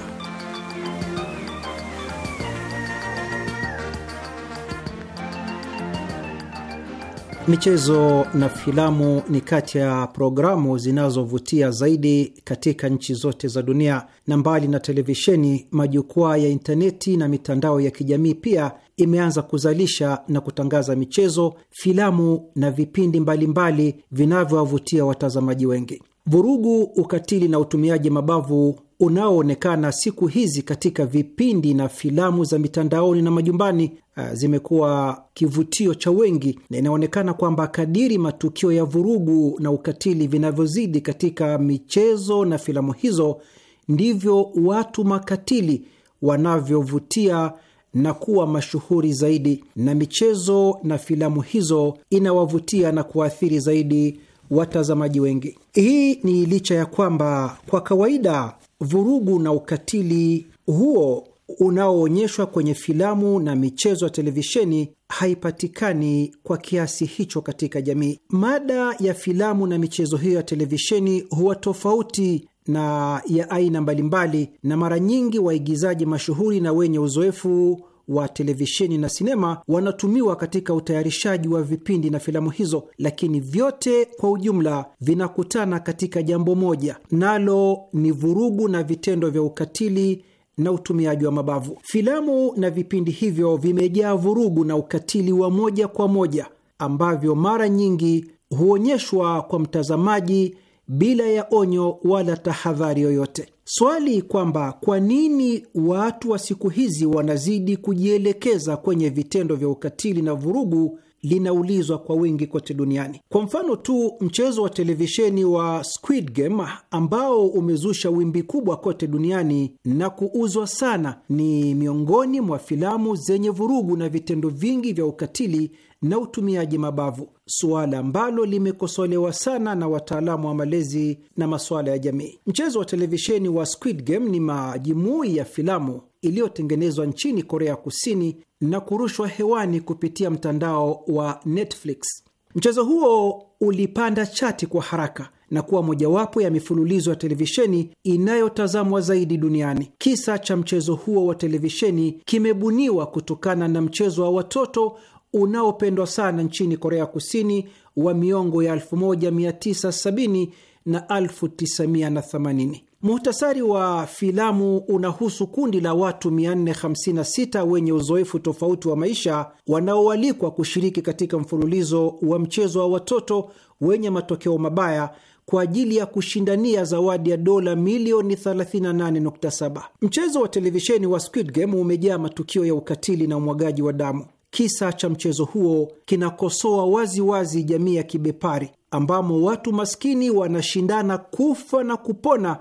Michezo na filamu ni kati ya programu zinazovutia zaidi katika nchi zote za dunia, na mbali na televisheni, majukwaa ya intaneti na mitandao ya kijamii pia imeanza kuzalisha na kutangaza michezo, filamu na vipindi mbalimbali vinavyowavutia watazamaji wengi. Vurugu, ukatili na utumiaji mabavu unaoonekana siku hizi katika vipindi na filamu za mitandaoni na majumbani eh, zimekuwa kivutio cha wengi, na inaonekana kwamba kadiri matukio ya vurugu na ukatili vinavyozidi katika michezo na filamu hizo, ndivyo watu makatili wanavyovutia na kuwa mashuhuri zaidi, na michezo na filamu hizo inawavutia na kuathiri zaidi watazamaji wengi. Hii ni licha ya kwamba kwa kawaida vurugu na ukatili huo unaoonyeshwa kwenye filamu na michezo ya televisheni haipatikani kwa kiasi hicho katika jamii. Mada ya filamu na michezo hiyo ya televisheni huwa tofauti na ya aina mbalimbali, na mara nyingi waigizaji mashuhuri na wenye uzoefu wa televisheni na sinema wanatumiwa katika utayarishaji wa vipindi na filamu hizo, lakini vyote kwa ujumla vinakutana katika jambo moja, nalo ni vurugu na vitendo vya ukatili na utumiaji wa mabavu. Filamu na vipindi hivyo vimejaa vurugu na ukatili wa moja kwa moja ambavyo mara nyingi huonyeshwa kwa mtazamaji bila ya onyo wala tahadhari yoyote. Swali kwamba kwa nini watu wa siku hizi wanazidi kujielekeza kwenye vitendo vya ukatili na vurugu linaulizwa kwa wingi kote duniani. Kwa mfano tu mchezo wa televisheni wa Squid Game ambao umezusha wimbi kubwa kote duniani na kuuzwa sana, ni miongoni mwa filamu zenye vurugu na vitendo vingi vya ukatili na utumiaji mabavu, suala ambalo limekosolewa sana na wataalamu wa malezi na masuala ya jamii. Mchezo wa televisheni wa Squid Game ni majimui ya filamu iliyotengenezwa nchini Korea Kusini na kurushwa hewani kupitia mtandao wa Netflix. Mchezo huo ulipanda chati kwa haraka na kuwa mojawapo ya mifululizo ya televisheni inayotazamwa zaidi duniani. Kisa cha mchezo huo wa televisheni kimebuniwa kutokana na mchezo wa watoto unaopendwa sana nchini Korea Kusini wa miongo ya 1970 na 1980. Muhtasari wa filamu unahusu kundi la watu 456 wenye uzoefu tofauti wa maisha wanaoalikwa kushiriki katika mfululizo wa mchezo wa watoto wenye matokeo mabaya kwa ajili ya kushindania zawadi ya dola milioni 38.7. Mchezo wa televisheni wa Squid Game umejaa matukio ya ukatili na umwagaji wa damu. Kisa cha mchezo huo kinakosoa waziwazi jamii ya kibepari ambamo watu maskini wanashindana kufa na kupona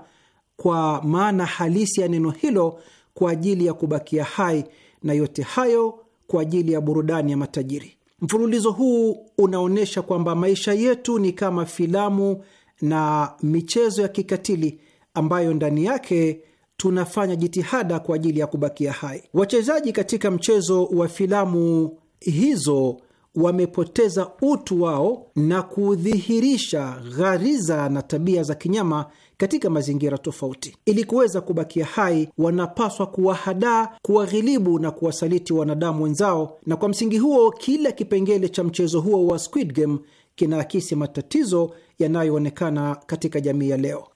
kwa maana halisi ya neno hilo kwa ajili ya kubakia hai na yote hayo kwa ajili ya burudani ya matajiri. Mfululizo huu unaonyesha kwamba maisha yetu ni kama filamu na michezo ya kikatili ambayo ndani yake tunafanya jitihada kwa ajili ya kubakia hai. Wachezaji katika mchezo wa filamu hizo wamepoteza utu wao na kudhihirisha ghariza na tabia za kinyama katika mazingira tofauti. Ili kuweza kubakia hai, wanapaswa kuwahadaa, kuwaghilibu na kuwasaliti wanadamu wenzao, na kwa msingi huo kila kipengele cha mchezo huo wa Squid Game kinaakisi matatizo yanayoonekana katika jamii ya leo.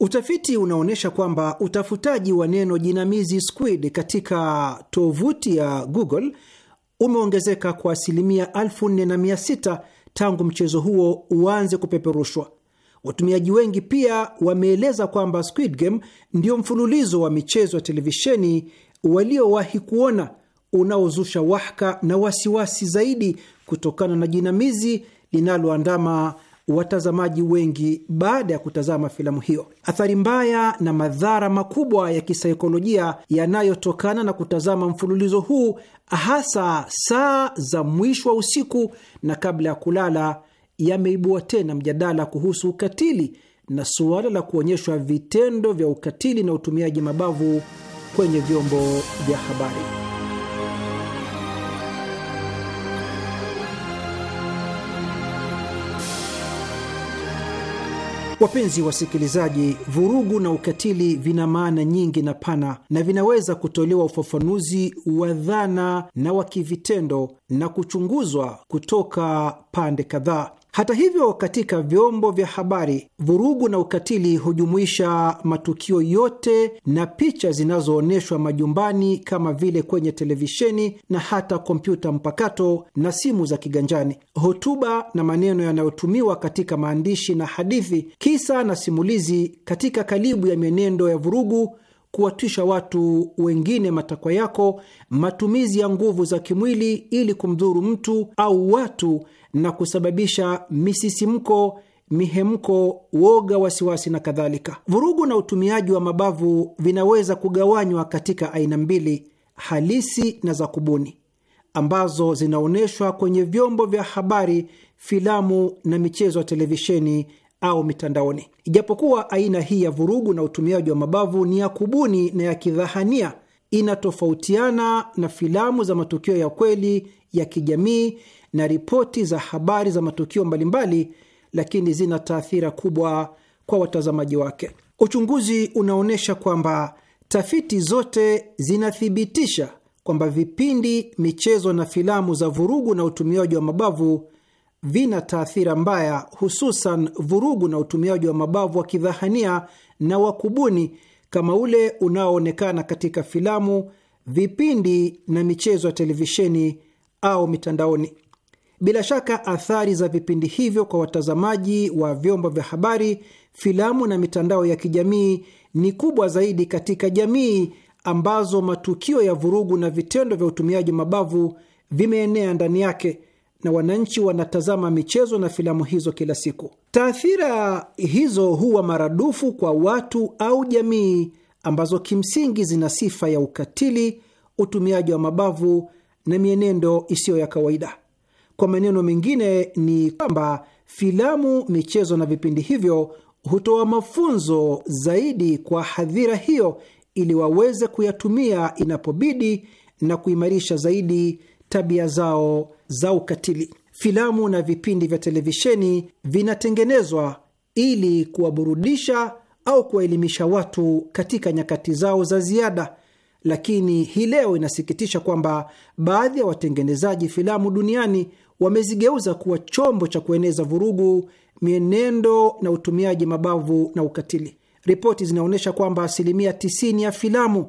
Utafiti unaonyesha kwamba utafutaji wa neno jinamizi squid katika tovuti ya Google umeongezeka kwa asilimia 4600 tangu mchezo huo uanze kupeperushwa. Watumiaji wengi pia wameeleza kwamba Squid Game ndio mfululizo wa michezo ya televisheni waliowahi kuona unaozusha wahaka na wasiwasi zaidi kutokana na jinamizi linaloandama watazamaji wengi baada ya kutazama filamu hiyo. Athari mbaya na madhara makubwa ya kisaikolojia yanayotokana na kutazama mfululizo huu, hasa saa za mwisho wa usiku na kabla ya kulala, yameibua tena mjadala kuhusu ukatili na suala la kuonyeshwa vitendo vya ukatili na utumiaji mabavu kwenye vyombo vya habari. Wapenzi wasikilizaji, vurugu na ukatili vina maana nyingi na pana na vinaweza kutolewa ufafanuzi wa dhana na wa kivitendo na kuchunguzwa kutoka pande kadhaa. Hata hivyo, katika vyombo vya habari, vurugu na ukatili hujumuisha matukio yote na picha zinazoonyeshwa majumbani kama vile kwenye televisheni na hata kompyuta mpakato na simu za kiganjani, hotuba na maneno yanayotumiwa katika maandishi na hadithi, kisa na simulizi katika kalibu ya mienendo ya vurugu kuwatisha watu wengine matakwa yako, matumizi ya nguvu za kimwili ili kumdhuru mtu au watu, na kusababisha misisimko, mihemko, woga, wasiwasi na kadhalika. Vurugu na utumiaji wa mabavu vinaweza kugawanywa katika aina mbili, halisi na za kubuni, ambazo zinaonyeshwa kwenye vyombo vya habari, filamu na michezo ya televisheni au mitandaoni. Ijapokuwa aina hii ya vurugu na utumiaji wa mabavu ni ya kubuni na ya kidhahania, inatofautiana na filamu za matukio ya kweli ya kijamii na ripoti za habari za matukio mbalimbali, lakini zina taathira kubwa kwa watazamaji wake. Uchunguzi unaonyesha kwamba tafiti zote zinathibitisha kwamba vipindi, michezo na filamu za vurugu na utumiaji wa mabavu vina taathira mbaya, hususan vurugu na utumiaji wa mabavu wa kidhahania na wakubuni kama ule unaoonekana katika filamu, vipindi na michezo ya televisheni au mitandaoni. Bila shaka athari za vipindi hivyo kwa watazamaji wa vyombo vya habari, filamu na mitandao ya kijamii ni kubwa zaidi katika jamii ambazo matukio ya vurugu na vitendo vya utumiaji mabavu vimeenea ndani yake na wananchi wanatazama michezo na filamu hizo kila siku. Taathira hizo huwa maradufu kwa watu au jamii ambazo kimsingi zina sifa ya ukatili, utumiaji wa mabavu na mienendo isiyo ya kawaida. Kwa maneno mengine, ni kwamba filamu, michezo na vipindi hivyo hutoa mafunzo zaidi kwa hadhira hiyo ili waweze kuyatumia inapobidi na kuimarisha zaidi tabia zao za ukatili. Filamu na vipindi vya televisheni vinatengenezwa ili kuwaburudisha au kuwaelimisha watu katika nyakati zao za ziada, lakini hii leo inasikitisha kwamba baadhi ya watengenezaji filamu duniani wamezigeuza kuwa chombo cha kueneza vurugu, mienendo na utumiaji mabavu na ukatili. Ripoti zinaonyesha kwamba asilimia 90 ya filamu,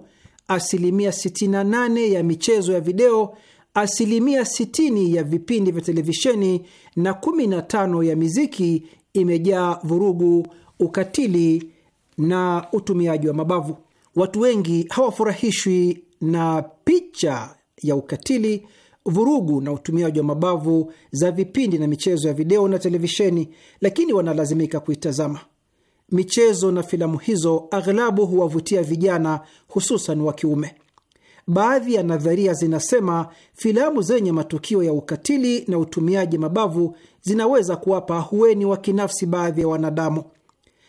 asilimia 68 ya michezo ya video, asilimia 60 ya vipindi vya televisheni na 15 ya miziki imejaa vurugu, ukatili na utumiaji wa mabavu. Watu wengi hawafurahishwi na picha ya ukatili vurugu na utumiaji wa mabavu za vipindi na michezo ya video na televisheni, lakini wanalazimika kuitazama. Michezo na filamu hizo aghlabu huwavutia vijana, hususan wa kiume. Baadhi ya nadharia zinasema filamu zenye matukio ya ukatili na utumiaji mabavu zinaweza kuwapa hueni wa kinafsi baadhi ya wanadamu.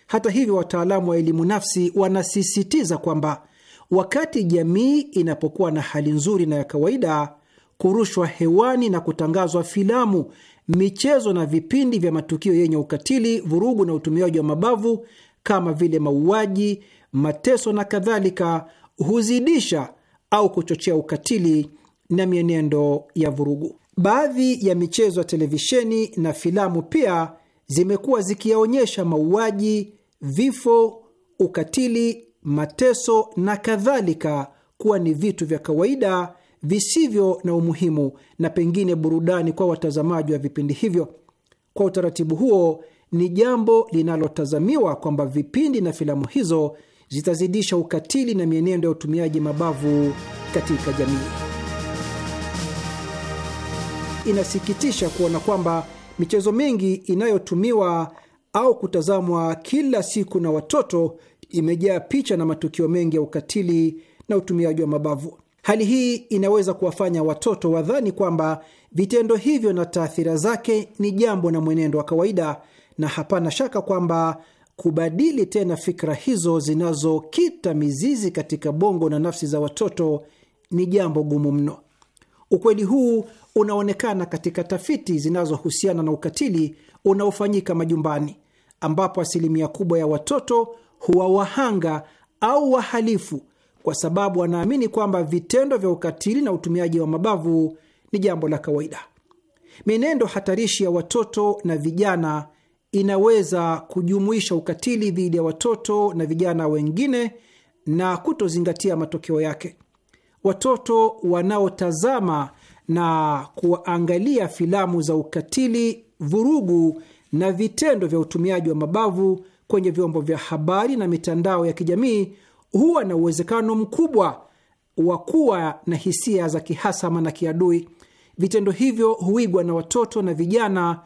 Hata hivyo, wataalamu wa elimu nafsi wanasisitiza kwamba wakati jamii inapokuwa na hali nzuri na ya kawaida kurushwa hewani na kutangazwa filamu, michezo na vipindi vya matukio yenye ukatili, vurugu na utumiaji wa mabavu kama vile mauaji, mateso na kadhalika, huzidisha au kuchochea ukatili na mienendo ya vurugu. Baadhi ya michezo ya televisheni na filamu pia zimekuwa zikiyaonyesha mauaji, vifo, ukatili, mateso na kadhalika kuwa ni vitu vya kawaida visivyo na umuhimu na pengine burudani kwa watazamaji wa vipindi hivyo. Kwa utaratibu huo, ni jambo linalotazamiwa kwamba vipindi na filamu hizo zitazidisha ukatili na mienendo ya utumiaji mabavu katika jamii. Inasikitisha kuona kwamba michezo mingi inayotumiwa au kutazamwa kila siku na watoto imejaa picha na matukio mengi ya ukatili na utumiaji wa mabavu. Hali hii inaweza kuwafanya watoto wadhani kwamba vitendo hivyo na taathira zake ni jambo na mwenendo wa kawaida, na hapana shaka kwamba kubadili tena fikra hizo zinazokita mizizi katika bongo na nafsi za watoto ni jambo gumu mno. Ukweli huu unaonekana katika tafiti zinazohusiana na ukatili unaofanyika majumbani, ambapo asilimia kubwa ya watoto huwa wahanga au wahalifu kwa sababu anaamini kwamba vitendo vya ukatili na utumiaji wa mabavu ni jambo la kawaida. Mienendo hatarishi ya watoto na vijana inaweza kujumuisha ukatili dhidi ya watoto na vijana wengine na kutozingatia matokeo yake. Watoto wanaotazama na kuangalia filamu za ukatili, vurugu na vitendo vya utumiaji wa mabavu kwenye vyombo vya habari na mitandao ya kijamii huwa na uwezekano mkubwa wa kuwa na hisia za kihasama na kiadui. Vitendo hivyo huigwa na watoto na vijana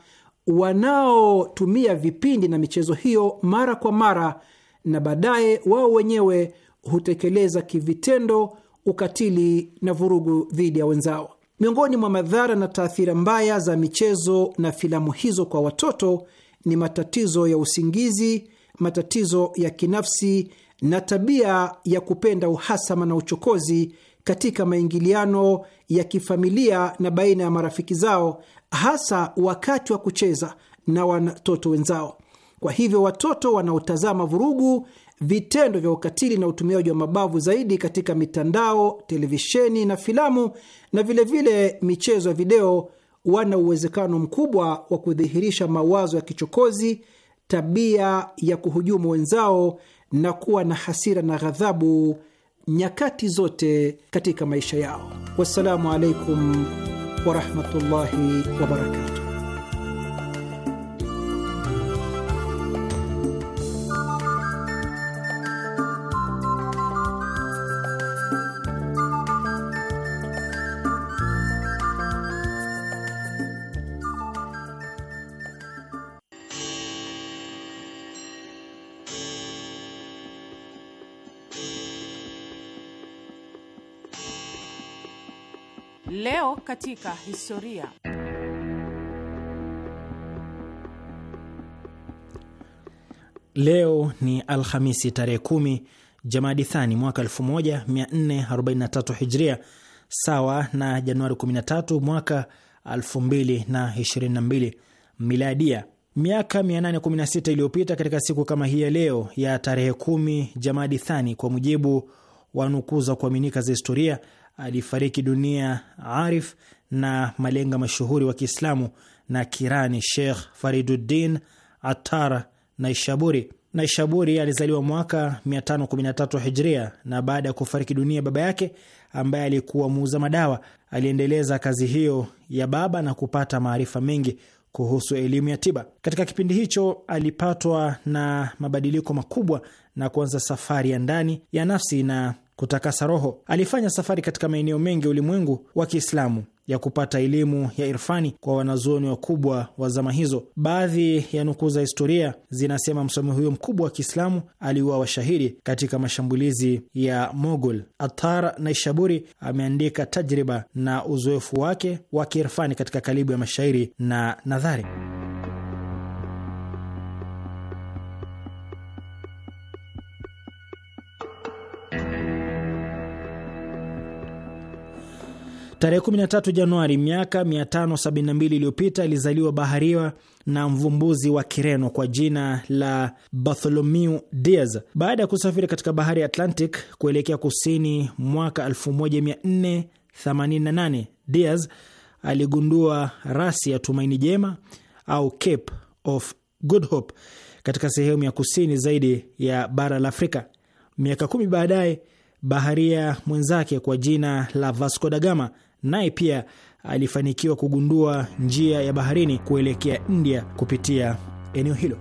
wanaotumia vipindi na michezo hiyo mara kwa mara, na baadaye wao wenyewe hutekeleza kivitendo ukatili na vurugu dhidi ya wenzao. Miongoni mwa madhara na taathira mbaya za michezo na filamu hizo kwa watoto ni matatizo ya usingizi, matatizo ya kinafsi na tabia ya kupenda uhasama na uchokozi katika maingiliano ya kifamilia na baina ya marafiki zao, hasa wakati wa kucheza na watoto wenzao. Kwa hivyo watoto wanaotazama vurugu, vitendo vya ukatili na utumiaji wa mabavu zaidi katika mitandao, televisheni na filamu, na vilevile vile michezo ya video, wana uwezekano mkubwa wa kudhihirisha mawazo ya kichokozi, tabia ya kuhujumu wenzao na kuwa na hasira na ghadhabu nyakati zote katika maisha yao. Wassalamu alaikum warahmatullahi wabarakatuh. katika historia. Leo ni Alhamisi tarehe kumi Jamadi Thani mwaka 1443 Hijria, sawa na Januari 13 mwaka 2022 Miladia. Miaka 816 iliyopita katika siku kama hii ya leo ya tarehe kumi Jamadi Thani, kwa mujibu wa nukuu za kuaminika za historia, alifariki dunia arif na malenga mashuhuri wa Kiislamu na Kirani Sheikh Fariduddin Attar Naishaburi. Naishaburi alizaliwa mwaka 513 Hijria, na baada ya kufariki dunia baba yake ambaye alikuwa muuza madawa, aliendeleza kazi hiyo ya baba na kupata maarifa mengi kuhusu elimu ya tiba. Katika kipindi hicho alipatwa na mabadiliko makubwa na kuanza safari ya ndani ya nafsi na kutakasa roho. Alifanya safari katika maeneo mengi ulimwengu wa Kiislamu ya kupata elimu ya irfani kwa wanazuoni wakubwa wa zama hizo. Baadhi ya nukuu za historia zinasema msomi huyo mkubwa wa Kiislamu aliuawa shahidi katika mashambulizi ya Mogul. Atar Naishaburi ameandika tajriba na uzoefu wake wa kiirfani katika kalibu ya mashairi na nadhari. Tarehe 13 Januari miaka 572 iliyopita alizaliwa baharia na mvumbuzi wa Kireno kwa jina la Bartholomew Dias. Baada ya kusafiri katika bahari ya Atlantic kuelekea kusini mwaka 1488, Dias aligundua rasi ya Tumaini Jema au Cape of Good Hope katika sehemu ya kusini zaidi ya bara la Afrika. Miaka kumi baadaye, baharia mwenzake kwa jina la Vasco da Gama naye pia alifanikiwa kugundua njia ya baharini kuelekea India kupitia eneo hilo.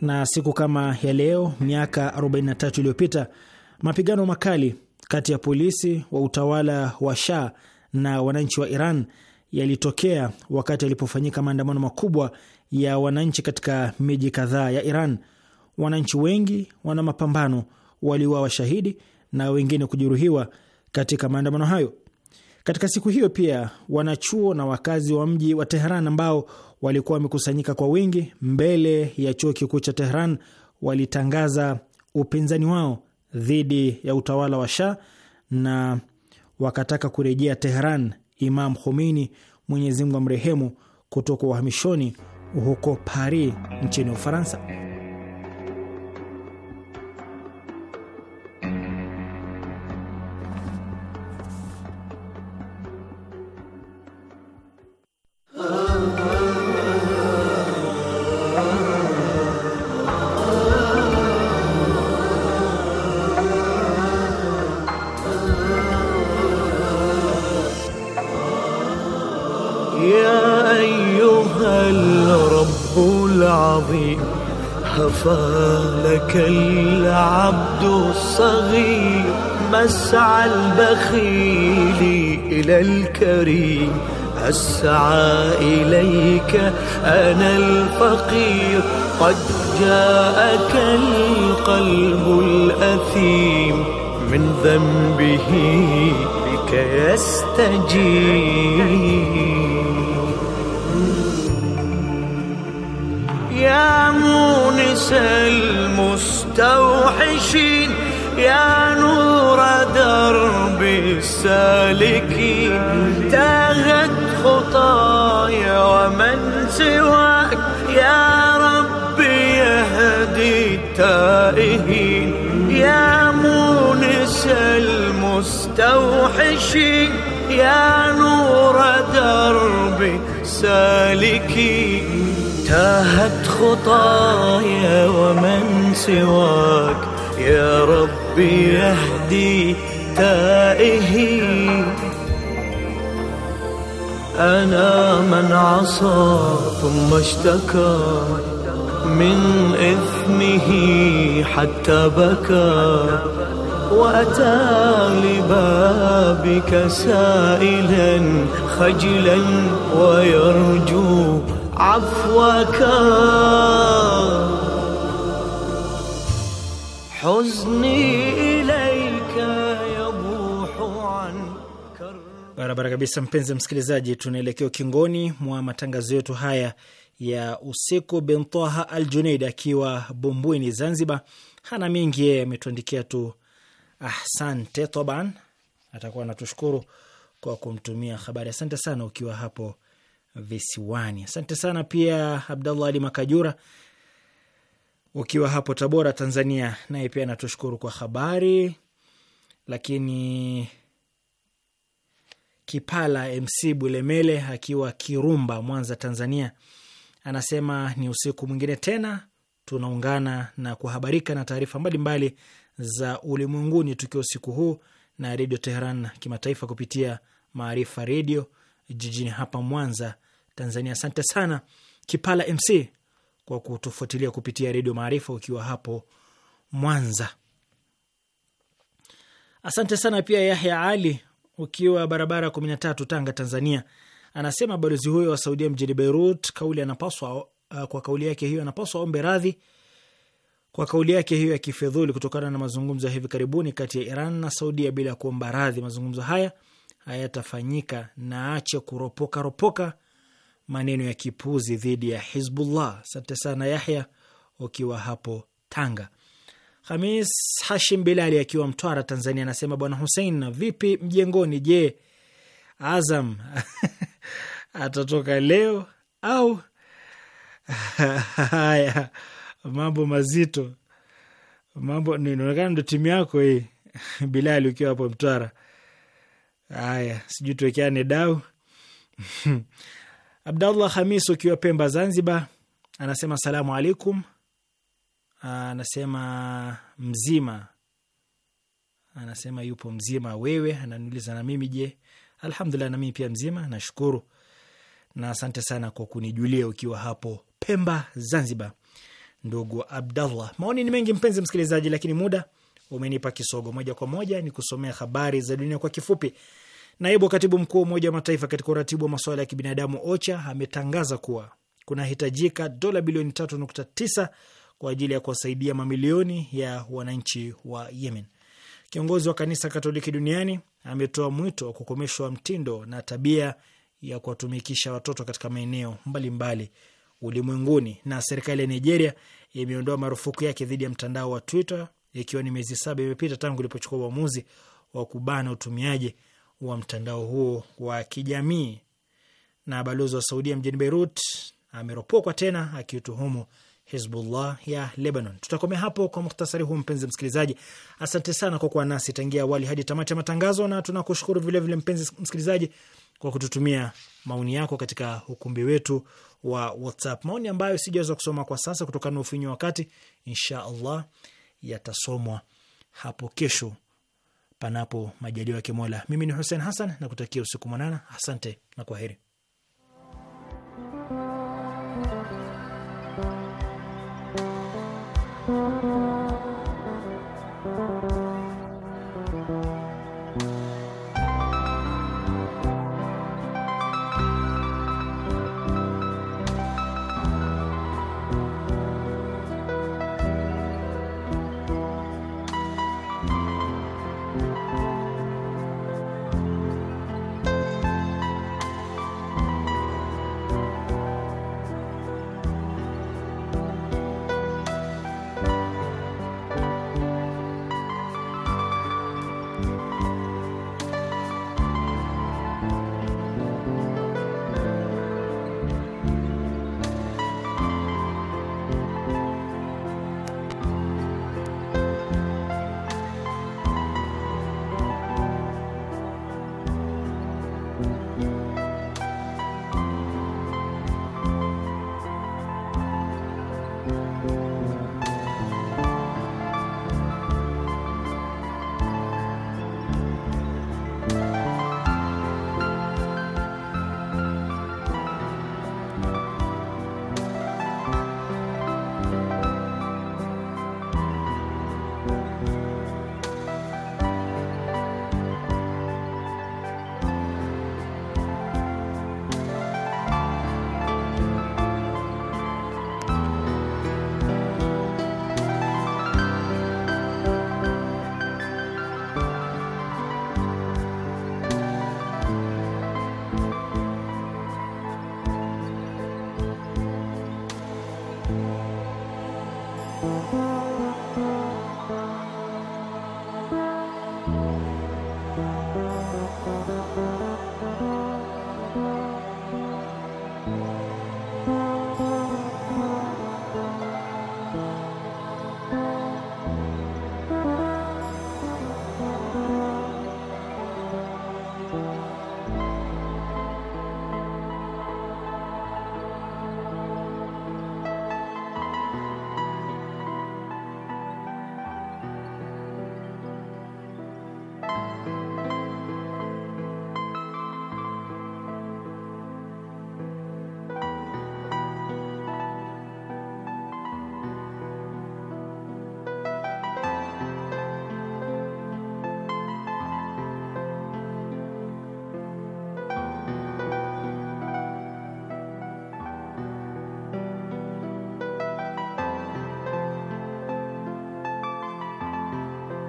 Na siku kama ya leo miaka 43 iliyopita mapigano makali kati ya polisi wa utawala wa Shah na wananchi wa Iran yalitokea wakati alipofanyika maandamano makubwa ya wananchi katika miji kadhaa ya Iran. Wananchi wengi wana mapambano waliuawa shahidi na wengine kujeruhiwa katika maandamano hayo. Katika siku hiyo pia wanachuo na wakazi wa mji wa Tehran ambao walikuwa wamekusanyika kwa wingi mbele ya chuo kikuu cha Tehran walitangaza upinzani wao dhidi ya utawala wa Shah na wakataka kurejea Tehran Imam Khomeini, Mwenyezi Mungu amrehemu, kutoka uhamishoni huko Paris nchini Ufaransa. كالعبد الصغير مسعى البخيل إلى الكريم أسعى إليك أنا الفقير قد جاءك القلب الأثيم من ذنبه بك يستجيب يا موسى وانس المستوحشين يا نور درب السالكين تاهت خطايا ومن سواك يا رب يهدي التائهين يا مونس المستوحشين يا نور درب سالكين تاهت خطايا ومن سواك يا ربي يهدي تائهي أنا من عصى ثم اشتكى من إثمه حتى بكى وأتى لبابك سائلا خجلا ويرجو huzni ilayka yabuhu an عنك barabara kabisa, mpenzi msikilizaji, tunaelekea ukingoni mwa matangazo yetu haya ya usiku. Bintaha Al Juneid akiwa Bumbwini, Zanzibar, hana mengi yeye, ametuandikia tu ahsante. Toban atakuwa anatushukuru kwa kumtumia habari. Asante sana ukiwa hapo visiwani. Asante sana pia Abdallah Ali Makajura ukiwa hapo Tabora, Tanzania, naye pia anatushukuru kwa habari. Lakini Kipala MC Bulemele akiwa Kirumba, Mwanza, Tanzania, anasema ni usiku mwingine tena tunaungana na kuhabarika na taarifa mbalimbali za ulimwenguni tukiwa usiku huu na Redio Teheran Kimataifa kupitia Maarifa Redio jijini hapa Mwanza, Tanzania. Asante sana Kipala MC kwa kutufuatilia kupitia Redio Maarifa ukiwa hapo Mwanza. Asante sana pia Yahya Ali ukiwa barabara kumi na tatu, Tanga, Tanzania. Anasema balozi huyo wa Saudia mjini Beirut, kauli anapaswa uh, kwa kauli yake hiyo anapaswa ombe radhi kwa kauli yake hiyo ya kifedhuli kutokana na mazungumzo ya hivi karibuni kati ya Iran na Saudia bila kuomba radhi. Mazungumzo haya hayatafanyika na ache kuropoka ropoka maneno ya kipuzi dhidi ya Hizbullah. Asante sana Yahya ukiwa hapo Tanga. Hamis Hashim Bilali akiwa Mtwara, Tanzania, anasema bwana Husein, na vipi mjengoni? Je, Azam atatoka leo au? Haya, mambo mazito, mambo inaonekana ndo timu yako hii Bilali, ukiwa hapo Mtwara. Haya, sijui tuwekeane dau Abdallah Hamis ukiwa Pemba, Zanzibar, anasema salamu alaikum. Anasema mzima, anasema yupo mzima wewe, ananiuliza na mimi je? Alhamdulillah, na mimi pia mzima, nashukuru na asante sana kwa kunijulia ukiwa hapo Pemba, Zanzibar, ndugu Abdallah. Maoni ni mengi mpenzi msikilizaji, lakini muda umenipa kisogo. Moja kwa moja ni kusomea habari za dunia kwa kifupi. Naibu katibu mkuu wa Umoja wa Mataifa katika uratibu wa masuala ya kibinadamu OCHA ametangaza kuwa kunahitajika dola bilioni 3.9 kwa ajili ya kuwasaidia mamilioni ya wananchi wa Yemen. Kiongozi wa kanisa Katoliki duniani ametoa mwito wa kukomeshwa mtindo na tabia ya kuwatumikisha watoto katika maeneo mbalimbali ulimwenguni. Na serikali ya Nigeria imeondoa marufuku yake dhidi ya mtandao wa Twitter ikiwa ni miezi saba imepita tangu ilipochukua uamuzi wa kubana utumiaji wa mtandao huo wa kijamii. Na balozi wa Saudia mjini Beirut ameropokwa tena akiutuhumu Hizbullah ya Lebanon. Tutakomea hapo kwa muhtasari huu, mpenzi msikilizaji. Asante sana kwa kuwa nasi tangia awali hadi tamati ya matangazo, na tunakushukuru vilevile mpenzi msikilizaji kwa kututumia maoni yako katika ukumbi wetu wa WhatsApp, maoni ambayo sijaweza kusoma kwa sasa kutokana na ufinyu wa wakati. Insha allah yatasomwa hapo kesho, panapo majaliwa yake Mola. Mimi ni Hussein Hassan na kutakia usiku mwanana. Asante na kwaheri.